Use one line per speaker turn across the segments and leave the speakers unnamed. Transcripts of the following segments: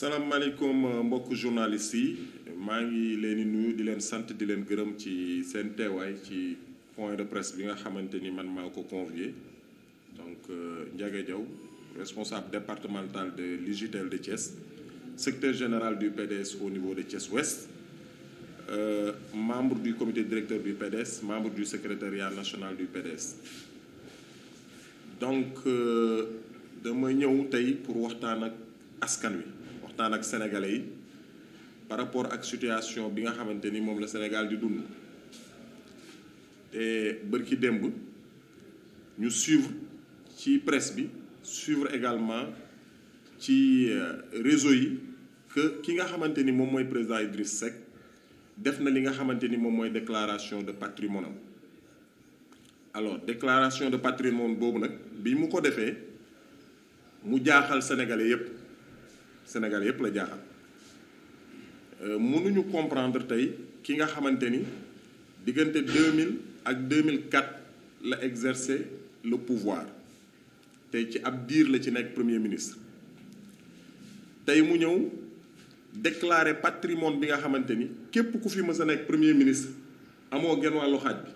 salaamaaleykum euh, mbokk journaliste yi maa ngi leen di nuyu di leen sant di leen gërëm ci seen teewaay ci point de presse bi nga xamante ni man maa ko convié donc euh, Ndiaga Diaw responsable départemental de l'UJTL de Thiès secteur général du PDS au niveau de Thiès Ouest euh, membre du comité directeur du PDS membre du secrétariat national du PDS donc euh, dama ñëw tey pour waxtaan ak askan wi waxtaan ak sénégalais yi par rapport ak situation bi nga xamante ni moom la Sénégal di dund te bërki démb ñu suivre ci presse bi suivre également ci euh, réseau yi que ki nga xamante ni moom mooy président Idriss sec def na li nga xamante ni moom mooy déclaration de patrimoine alors déclaration de patrimoine boobu nag bi mu ko defee mu jaaxal sénégalais yépp Sénégal yëpp la jaaxal euh, mënuñu comprendre tey ki nga xamante ni diggante 2000 ak 2004 la exercer le pouvoir tey ci ab diir la ci nekk premier ministre tey mu ñëw déclarer patrimoine bi nga xamante ni képp ku fi mës a nekk premier ministre amoo genn wàllu xaaj bi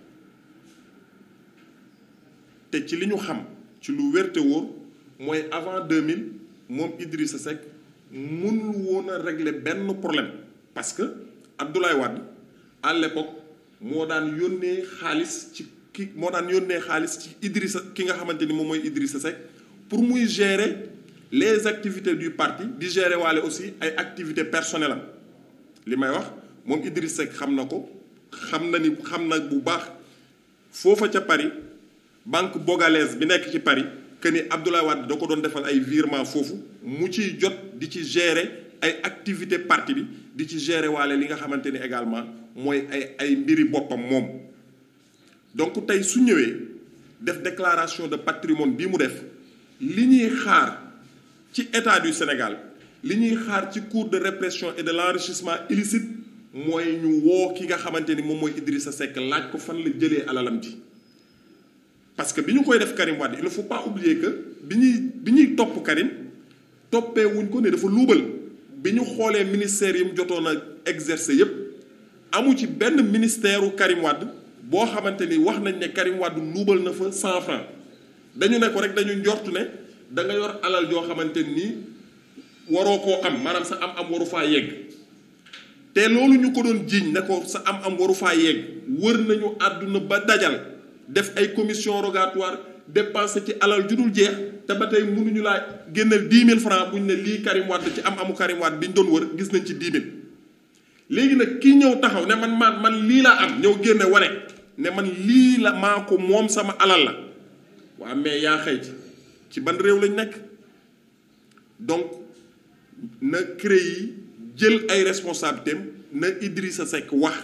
te ci li ñu xam ci lu wérte wóor mooy avant 2000 moom sa Seck mënul woon a régler benn problème parce que Abdoulaye Wade à l'époque moo daan yónnee xaalis ci ki moo daan yónnee xaalis ci Idrissa ki nga xamante ni moom mooy Idrissa Seck pour muy gérer les activités du parti di gérer waale aussi ay activités personnelles am li may wax moom Idrissa Seck xam na ko xam na ni xam na bu baax foofa ca Paris banque bogalaise bi nekk ci Paris que ni Abdoulaye Wade da ko doon defal ay virement foofu mu ciy jot. di ci gérer ay activité parti bi di ci gérer waale li nga xamante ni également mooy ay ay mbiri boppam moom donc tey su ñëwee def déclaration de patrimoine bi mu def li ñuy xaar ci état du Sénégal li ñuy xaar ci cour de répression et de l'enrichissement illicite mooy ñu woo ki nga xamante ni moom mooy sa Seck laaj ko fan la jëlee alalam ji parce que bi ñu koy def Karim Wade il ne faut pas oublier que ñuy bi ñuy topp Karim toppee wuñ ko ne dafa luubal bi ñu xoolee ministère yi mu jotoon a exercer yépp amu ci benn ministère u Karim boo xamante ni wax nañ ne Karim Wade luubal na fa cent francs dañu ne ko rek dañu njort ne da nga yor alal joo xamante ni waroo ko am maanaam sa am am waru faa yegg te loolu ñu ko doon jiiñ ne ko sa am am waru faa yegg wër nañu àdduna ba dajal def ay commission rogatoire depanse ci alal ju dul jeex te ba tey mënuñu laa génneel dix mille francs bu ñu ne lii Karim Wade ci am amu Karim Wade bi ñu doon wër gis nañ ci dix léegi nag ki ñëw taxaw ne man man man lii laa am ñëw génne wane ne man lii la maa ko moom sama alal la waa mais yaa xëy ci ban réew lañ nekk donc na CREI yi jël ay responsabilités na Idrissa Seck wax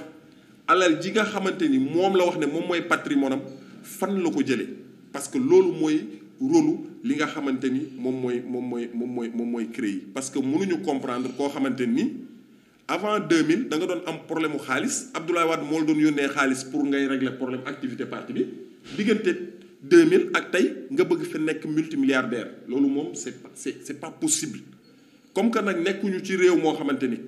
alal ji nga xamante ni moom la wax ne moom mooy patrimoine am fan la ko jëlee parce que loolu mooy rôlu li nga xamante ni moom mooy moom mooy moom mooy moom mooy CREI parce que mënuñu comprendre koo xamante ni avant 2000 da nga doon am problème mu xaalis Abdoulaye Wade moo doon yónnee xaalis pour ngay régler problème activité parti bi diggante mille ak tey nga bëgg fi nekk multimilliardaire loolu moom c'est c'est c'est pas possible comme que nag nekkuñu ci réew moo xamante ni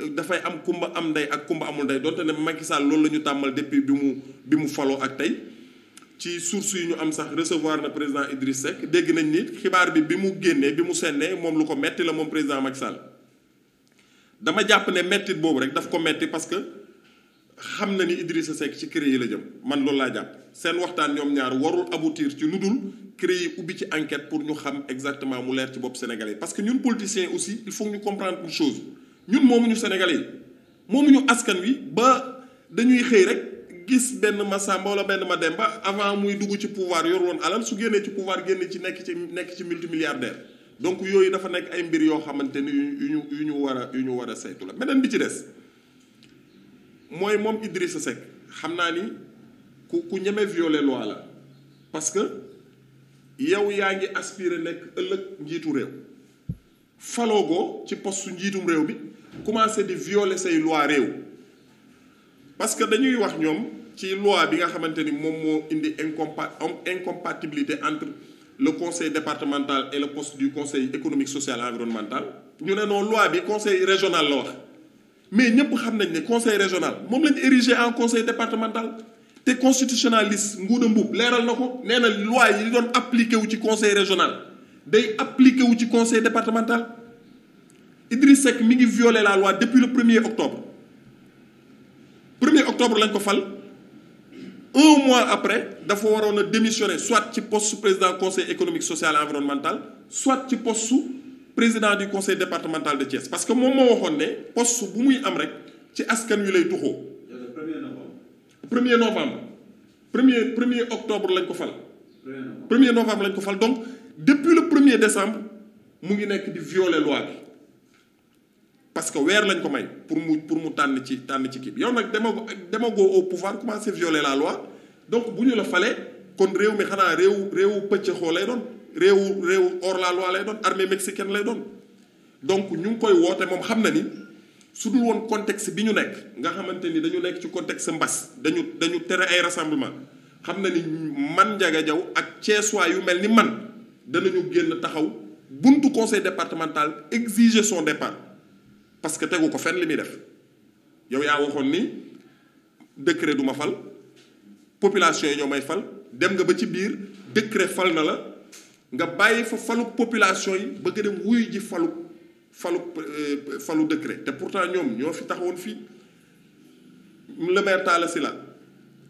euh, dafay am kumba am ndey ak kumba amul ndey donte ne Macky Sall loolu la ñu tàmmal depuis bi mu bi mu faloo ak tey ci source yi ñu am sax recevoir na président Idriss Seck dégg nañ ni xibaar bi bi mu génnee bi mu sennee moom lu ko metti la moom président Macky Sall dama jàpp ne mettit boobu rek daf ko metti parce que xam na ni idris Seck ci CREI yi la jëm man loolu laa jàpp seen waxtaan ñoom ñaar warul aboutir ci lu dul CREI yi ubbi ci enquête pour ñu xam exactement mu leer ci bopp sénégalais parce que ñun politiciens aussi il faut ñu comprendre une chose ñun moomuñu sénégalais yi moomuñu askan wi ba dañuy xëy rek. gis benn Masamba wala benn ba avant muy dugg ci pouvoir yor woon alal su génnee ci pouvoir génn ci nekk ci nekk ci multimilliardaire donc yooyu dafa nekk ay mbir yoo xamante ni yu ñu yu ñu war a yu ñu war a saytu la beneen bi ci des mooy moom Idrissa Seck xam naa ni ku ku ñeme violer loi la parce que yow yaa ngi aspirer nekk ëllëg njiitu réew faloogoo ci poste njiitum réew bi commencé di violer say loi réew parce que dañuy wax ñoom ci loi bi nga xamante ni moom moo indi incompa incompatibilité entre le conseil départemental et le poste du conseil économique social et environnemental ñu ne noonu loi bi conseil régional la wax mais ñëpp xam nañ ne conseil régional moom lañ érigé en conseil départemental te constitutionnaliste Ngouda Mboup leeral na ko nee na loi yi doon appliqué wu ci conseil régional day appliqué wu ci conseil départemental Idriss Seck mi ngi violé la loi depuis le premier octobre premier octobre lañ ko fal un mois après dafa waroon a démissionner soit ci poste su président conseil économique social et environnemental soit ci poste su président du conseil départemental de Thiès parce que moom moo waxoon ne poste bu muy am rek ci askan wi lay tuxoo. premier novembre. premier novembre premier premier octobre lañ ko fal. premier novembre lañ ko fal donc depuis le premier décembre mu ngi nekk di violer loi bi. parce que weer lañ ko may pour mu pour mu tànn ci tànn ci kii bi yow nag demago demagoo au pouvoir commencé violer la loi donc bu ñu la falee kon réew mi xanaa réew réewu pëccëxoo lay doon réewu réewu hors la loi lay doon armée mexicaine lay doon donc ñu ngi koy woote moom xam na ni su dul woon contexte bi ñu nekk nga xamante ni dañu nekk ci contexte mbas dañu dañu tere ay rassemblement xam na ni man Ndiaga Diaw ak Thiessois yu mel ni man danañu génn taxaw buntu conseil départemental exiger son départ parce que tegu ko fenn li muy def yow yaa waxoon ni décret du ma fal population yi ñoo may fal dem nga ba ci biir décret fal na la nga bàyyi fa falu population yi bëgg dem wuy ji falu falu euh, falu décret te pourtant ñoom ñoo fi taxawoon fii le maire Talla Sylla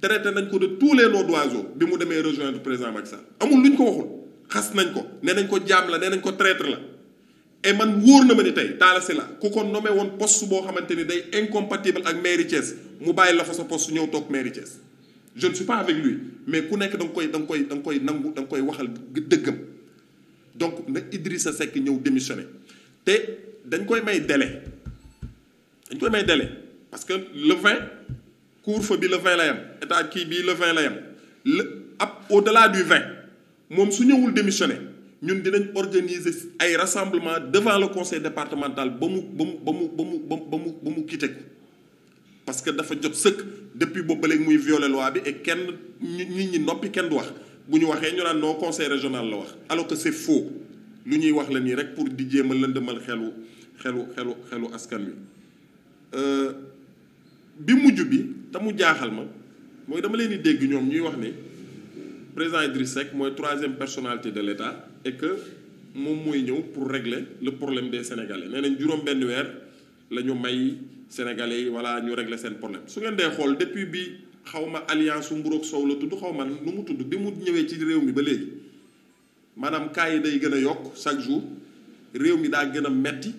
traité nañ ko de tous les noms d'oiseaux bi mu demee rejoindre président Macky Sall amul lu ko waxul xas nañ ko nee nañ ko jaam la nee nañ ko traître la et man wóor na ma ni tey Talla Sylla ku ko nommé woon poste boo xamante ni day incompatible ak mairie Thiès mu bàyyi la fa sa su ñëw toog mairie Thiès je ne suis pas avec lui mais ku nekk da nga koy danga nga koy nga koy nangu da nga koy waxal dëggam donc na Idrissa Seck ñëw démissionné te dañ koy may délai dañ koy may délai parce que le 20 couvre bi le 20 la yam état kii bii le 20 la yam le ab au delà du 20 moom su ñëwul démissionné. ñun dinañ organiser ay rassemblement devant le conseil départemental ba mu ba mu ba mu ba mu ba mu ba mu quitté ko parce que dafa jot sëkk depuis boobu ba léegi muy violer waa bi et kenn nit ñi noppi kenn du wax bu ñu waxee ñu naan conseil régional la wax alors que c'est faux ñuy wax la nii rek pour di jéem a lëndëmal xelu xelu xelu xelu askan wi euh, bi mujj bi te mu jaaxal ma mooy dama leen di dégg ñoom ñuy wax ni président Idriss rek mooy troisième personnalité de l'État et que moom mooy ñëw pour régler le problème des sénégalais nee nañ juróom-benn weer la ñu may sénégalais yi voilà ñu régler seen problème su ngeen dee xool depuis bi xaw ma alliance su mburoog soow la tudd xaw ma nu mu tudd bi mu ñëwee ci réew mi ba léegi maanaam cas yi day gën a yokk chaque jour réew mi daa gën a metti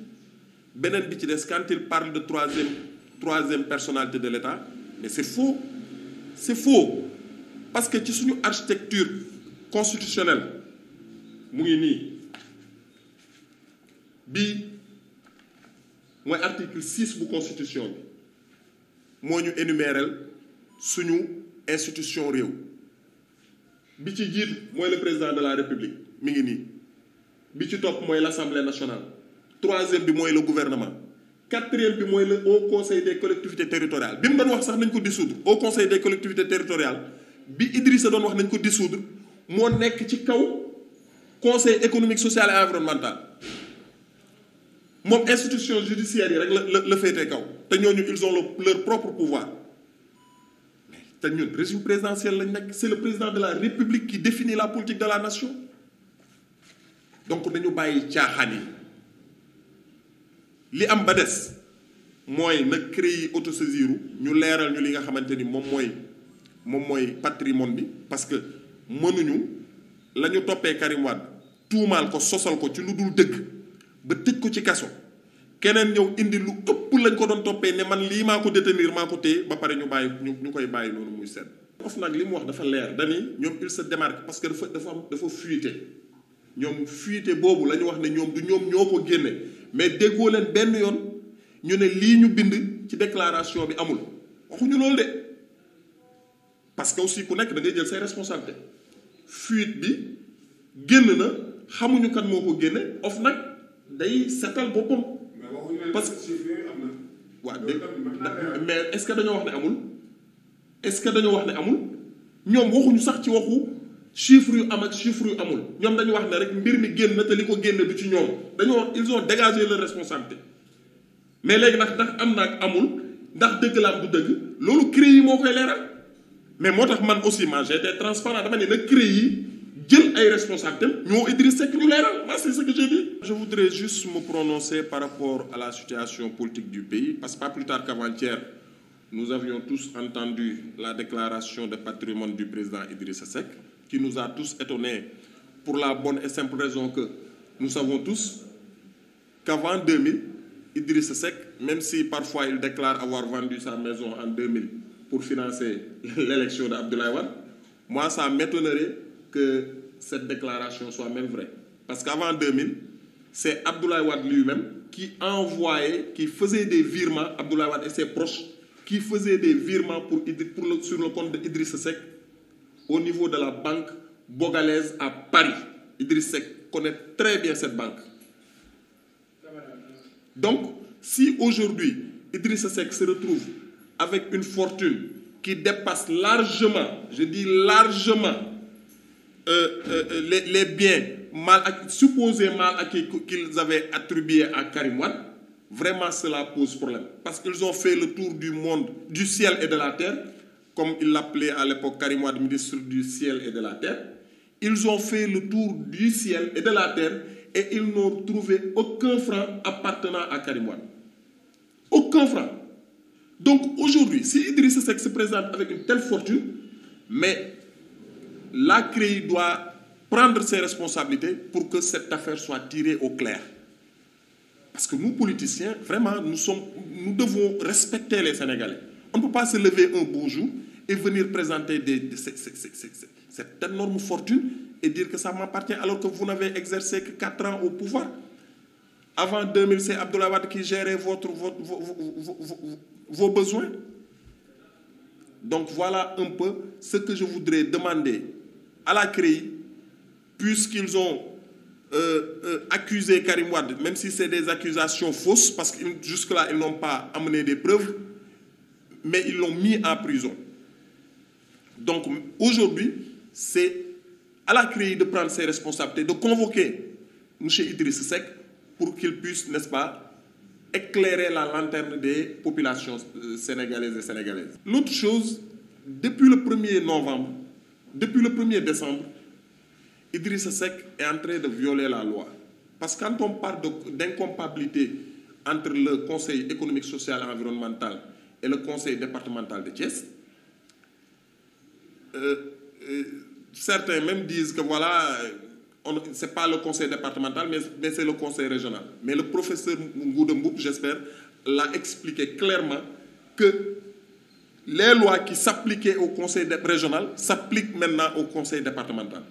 beneen bi ci des quand il parle de troisième troisième personnalité de l'État mais c'est faux c'est faut parce que ci suñu architecture constitutionnelle mu ngi nii bii mooy article six bu constitution bi moo ñu énumérer suñu institution réew bi ci jiit mooy le président de la république mi ngi nii bi ci topp mooy la l'assemblée nationale troisième bi mooy le gouvernement quatrième bi mooy le haut conseil des collectivités territoriale bi mu doon wax sax nañ ko dissoudre au conseil des collectivités territoriales bi Idrissa doon wax nañ ko dissoudre moo nekk ci kaw conseil économique social et environnemental moom institution judiciaire yi rek la la la féetee kaw te ñooñu ils ont leur propre pouvoir mais te ñun régime présidentiel lañ nekk c'est le président de la république qui définit la politique de la nation donc dañu bàyyi caaxaan yi li am ba des mooy nag créer autosaisir ñu leeral ñu li nga xamante ni moom mooy moom mooy patrimoine bi parce que mënuñu la ñu toppee Karim tuumaal ko sosal ko ci lu dul dëgg ba tëj ko ci kaso keneen ñëw indi lu ëpp lañ ko doon toppee ne man lii maa ko détenir maa ko téye ba pare ñu bàyyi ñu ñu koy bàyyi noonu muy sedd of nag li mu wax dafa leer dani ñoom il se démarque parce que dafa dafa am dafa fuité ñoom fuité boobu lañu wax ne ñoom du ñoom ñoo ko génne mais déggoo leen benn yoon ñu ne lii ñu bind ci déclaration bi amul waxuñu loolu de parce que aussi ku nekk da jël say responsabilité fuite bi génn na xamuñu kan moo ko génne of nag day setal boppam. parce que waaw dé mais est-ce que dañoo wax ne amul est-ce que dañoo wax ne amul ñoom waxuñu sax ci waxu chiffre yu amat ak chiffre yu amul ñoom dañu wax ne rek mbir mi génn te li ko génne du ci ñoom dañoo ils ont dégagé leur responsabilité mais léegi ndax ndax am na ak amul ndax dëgg la am du dëgg loolu CREI yi moo koy leeral mais moo tax man aussi man j'étais transparent dama ne nag CREI yi jël ay responsabilités am ñoo Idriss Seck ñu leeral moi c'est ce que j'ai dit. je voudrais juste me prononcer par rapport à la situation politique du pays parce que pas plus tard qu'avant-hier nous avions tous entendu la déclaration de patrimoine du président Idriss Seck qui nous a tous étonnés pour la bonne et simple raison que nous savons tous qu'avant 2000 Idriss Seck même si parfois il déclare avoir vendu sa maison en 2000 pour financer l'élection de Abdoulaye Wade moi ça m'étonnerait que cette déclaration soit même vraie. Parce qu'avant 2000, c'est Abdoulaye Wade lui-même qui envoyait, qui faisait des virements, Abdoulaye Wade et ses proches, qui faisaient des virements pour, pour le, sur le compte d'Idriss Seck au niveau de la banque bogalaise à Paris. Idriss Seck connaît très bien cette banque. Donc, si aujourd'hui Idriss Seck se retrouve avec une fortune qui dépasse largement, je dis largement, Euh, euh, euh, les les biens mal ak supposés mal acquis qu'ils avaient attribués à Karim Wade vraiment cela pose problème parce qu'ils ont fait le tour du monde du ciel et de la terre comme il l'appelait à l'époque Karim Wade ministre du ciel et de la terre ils ont fait le tour du ciel et de la terre et ils n'ont trouvé aucun franc appartenant à Karim aucun franc donc aujourd'hui si Idrissa Seck se présente avec une telle fortune mais la CREI doit prendre ses responsabilités pour que cette affaire soit tirée au clair. Parce que nous, politiciens, vraiment, nous, sommes, nous devons respecter les Sénégalais. On ne peut pas se lever un beau jour et venir présenter des, des, ces, ces, ces, cette énorme fortune et dire que ça m'appartient alors que vous n'avez exercé que 4 ans au pouvoir. Avant 2000, c'est Abdoulaye Wade qui gérait votre, votre vos, vos, vos besoins. Donc voilà un peu ce que je voudrais demander à la CREI, puisqu'ils ont euh, euh, accusé Karim Wad, même si c'est des accusations fausses, parce que jusque-là, ils n'ont pas amené des preuves, mais ils l'ont mis en prison. Donc aujourd'hui, c'est à la CREI de prendre ses responsabilités, de convoquer M. Idriss Sek pour qu'il puisse, n'est-ce pas, éclairer la lanterne des populations euh, sénégalaises et sénégalaises. L'autre chose, depuis le 1er novembre, depuis le 1er décembre Idrissa Seck est en train de violer la loi parce que quand on parle d'incompatibilité entre le conseil économique social et environnemental et le conseil départemental de Thiès euh, euh, certains même disent que voilà on c'est pas le conseil départemental mais mais c'est le conseil régional mais le professeur Ngouda Mboup j'espère l'a expliqué clairement que les lois qui s'appliquaient au conseil régional s'appliquent maintenant au conseil départemental.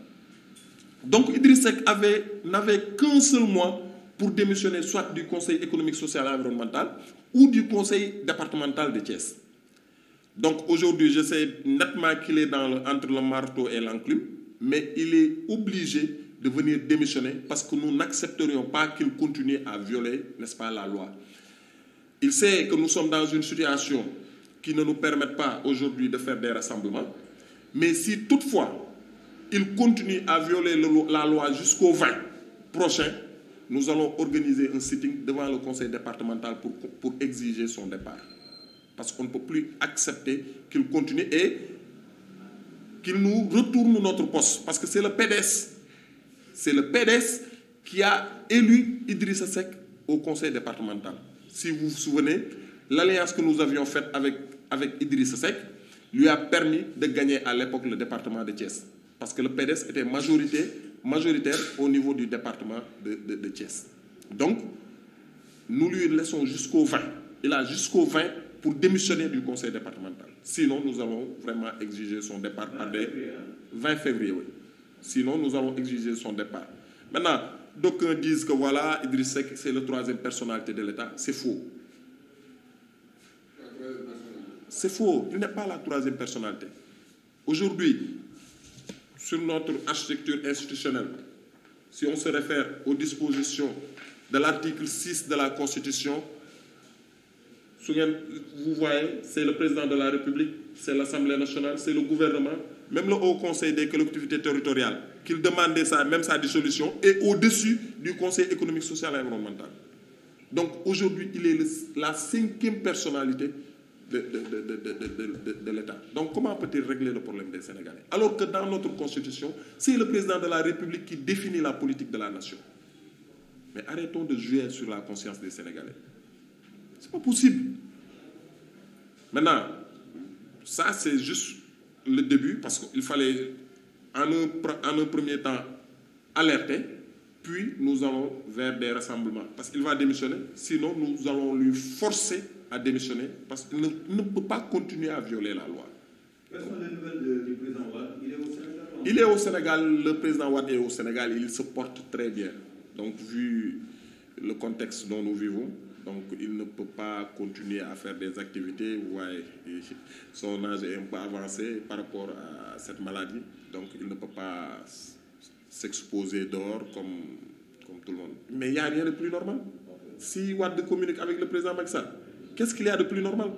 Donc Idriss Seck avait n'avait qu'un seul mois pour démissionner soit du conseil économique, social et environnemental ou du conseil départemental de Thiès. Donc aujourd'hui, je sais nettement qu'il est dans le, entre le marteau et l'enclume, mais il est obligé de venir démissionné parce que nous n'accepterions pas qu'il continue à violer, nest pas, la loi. Il sait que nous sommes dans une situation qui ne nous permettent pas aujourd'hui de faire des rassemblements. Mais si toutefois ils continuent à violer le, la loi jusqu'au 20 prochain, nous allons organiser un sitting devant le conseil départemental pour, pour exiger son départ. Parce qu'on ne peut plus accepter qu'il continue et qu'il nous retourne notre poste. Parce que c'est le PDS. C'est le PDS qui a élu Idrissa Seck au conseil départemental. Si vous vous souvenez, l'alliance que nous avions faite avec avec Idrissa Seck lui a permis de gagner à l'époque le département de Thiès parce que le PDS était majorité majoritaire au niveau du département de de de Thiès donc nous lui laissons jusqu'au 20 il a jusqu'au 20 pour démissionner du conseil départemental sinon nous allons vraiment exiger son départ par des 20 février oui sinon nous allons exiger son départ maintenant d'aucuns disent que voilà Idriss Seck c'est la troisième personnalité de l'État c'est faux C'est faux. Il n'est pas la troisième personnalité. Aujourd'hui, sur notre architecture institutionnelle, si on se réfère aux dispositions de l'article 6 de la Constitution, vous voyez, c'est le président de la République, c'est l'Assemblée nationale, c'est le gouvernement, même le Haut Conseil des collectivités territoriales, qu'il demandait ça, même sa dissolution, et au-dessus du Conseil économique, social et environnemental. Donc aujourd'hui, il est la cinquième de, de, de, de l'État. Donc comment peut-il régler le problème des Sénégalais Alors que dans notre constitution, c'est le président de la République qui définit la politique de la nation. Mais arrêtons de jouer sur la conscience des Sénégalais. C'est pas possible. Maintenant, ça c'est juste le début parce qu'il fallait en un, en un premier temps alerter, puis nous allons vers des rassemblements. Parce qu'il va démissionner, sinon nous allons lui forcer à démissionner parce qu'il ne, ne peut pas continuer à violer la loi. Il est au Sénégal? le président Wade est au Sénégal, il se porte très bien. Donc vu le contexte dont nous vivons, il ne peut pas continuer à faire des activités, vous voyez, son âge est un peu par rapport à cette maladie. Donc il ne peut pas s'exposer dehors comme tout le monde. Mais il n'y a rien de plus normal. Si Wade communique avec le président Macky qu'est-ce qu'il y a de plus normal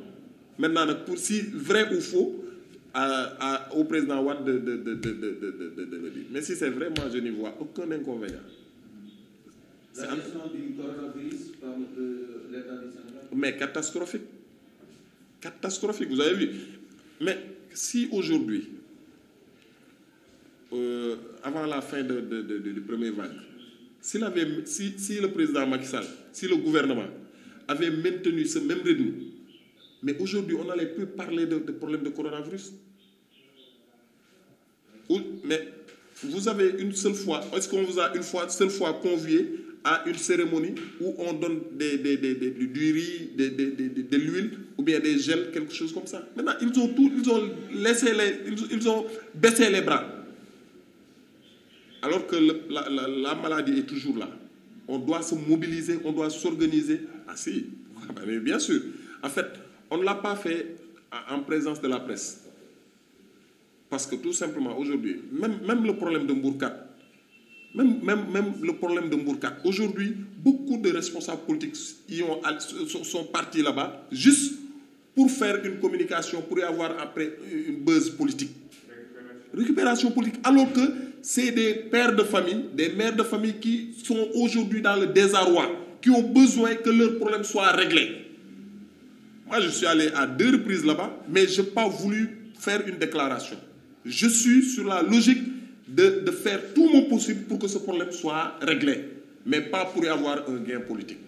maintenant nag pour si vrai ou faux à, à, au président Wade de de de de le dire mais si c'est vrai moi je n'y vois aucun inconvénient. La gestion du coronavirus par l'État du mais catastrophique catastrophique vous avez vu mais si aujourd'hui avant la fin de de de du premier vague s'il avait si si le président Macky si le gouvernement. avait maintenu ce même rythme, mais aujourd'hui, on n'allait plus parler de, de de coronavirus. Ou, mais vous avez une seule fois, est-ce qu'on vous a une fois, seule fois convié à une cérémonie où on donne des, des, des, des du riz, de l'huile ou bien des gels, quelque chose comme ça. Maintenant, ils ont tout, ils ont laissé les, ils, ont baissé les bras. Alors que le, la, la, la maladie est toujours là. On doit se mobiliser, on doit s'organiser, Ah si, ah, mais bien sûr. En fait, on ne l'a pas fait en présence de la presse. Parce que tout simplement, aujourd'hui, même, même le problème de Mbourkat, même, même, même le problème de Mbourkat, aujourd'hui, beaucoup de responsables politiques y ont, sont partis là-bas juste pour faire une communication, pour y avoir après une buzz politique. Récupération politique. Alors que c'est des pères de famille, des mères de famille qui sont aujourd'hui dans le désarroi. qui ont besoin que leur problème soit réglé. Moi, je suis allé à deux reprises là-bas, mais je n'ai pas voulu faire une déclaration. Je suis sur la logique de, de faire tout mon possible pour que ce problème soit réglé, mais pas pour y avoir un gain politique.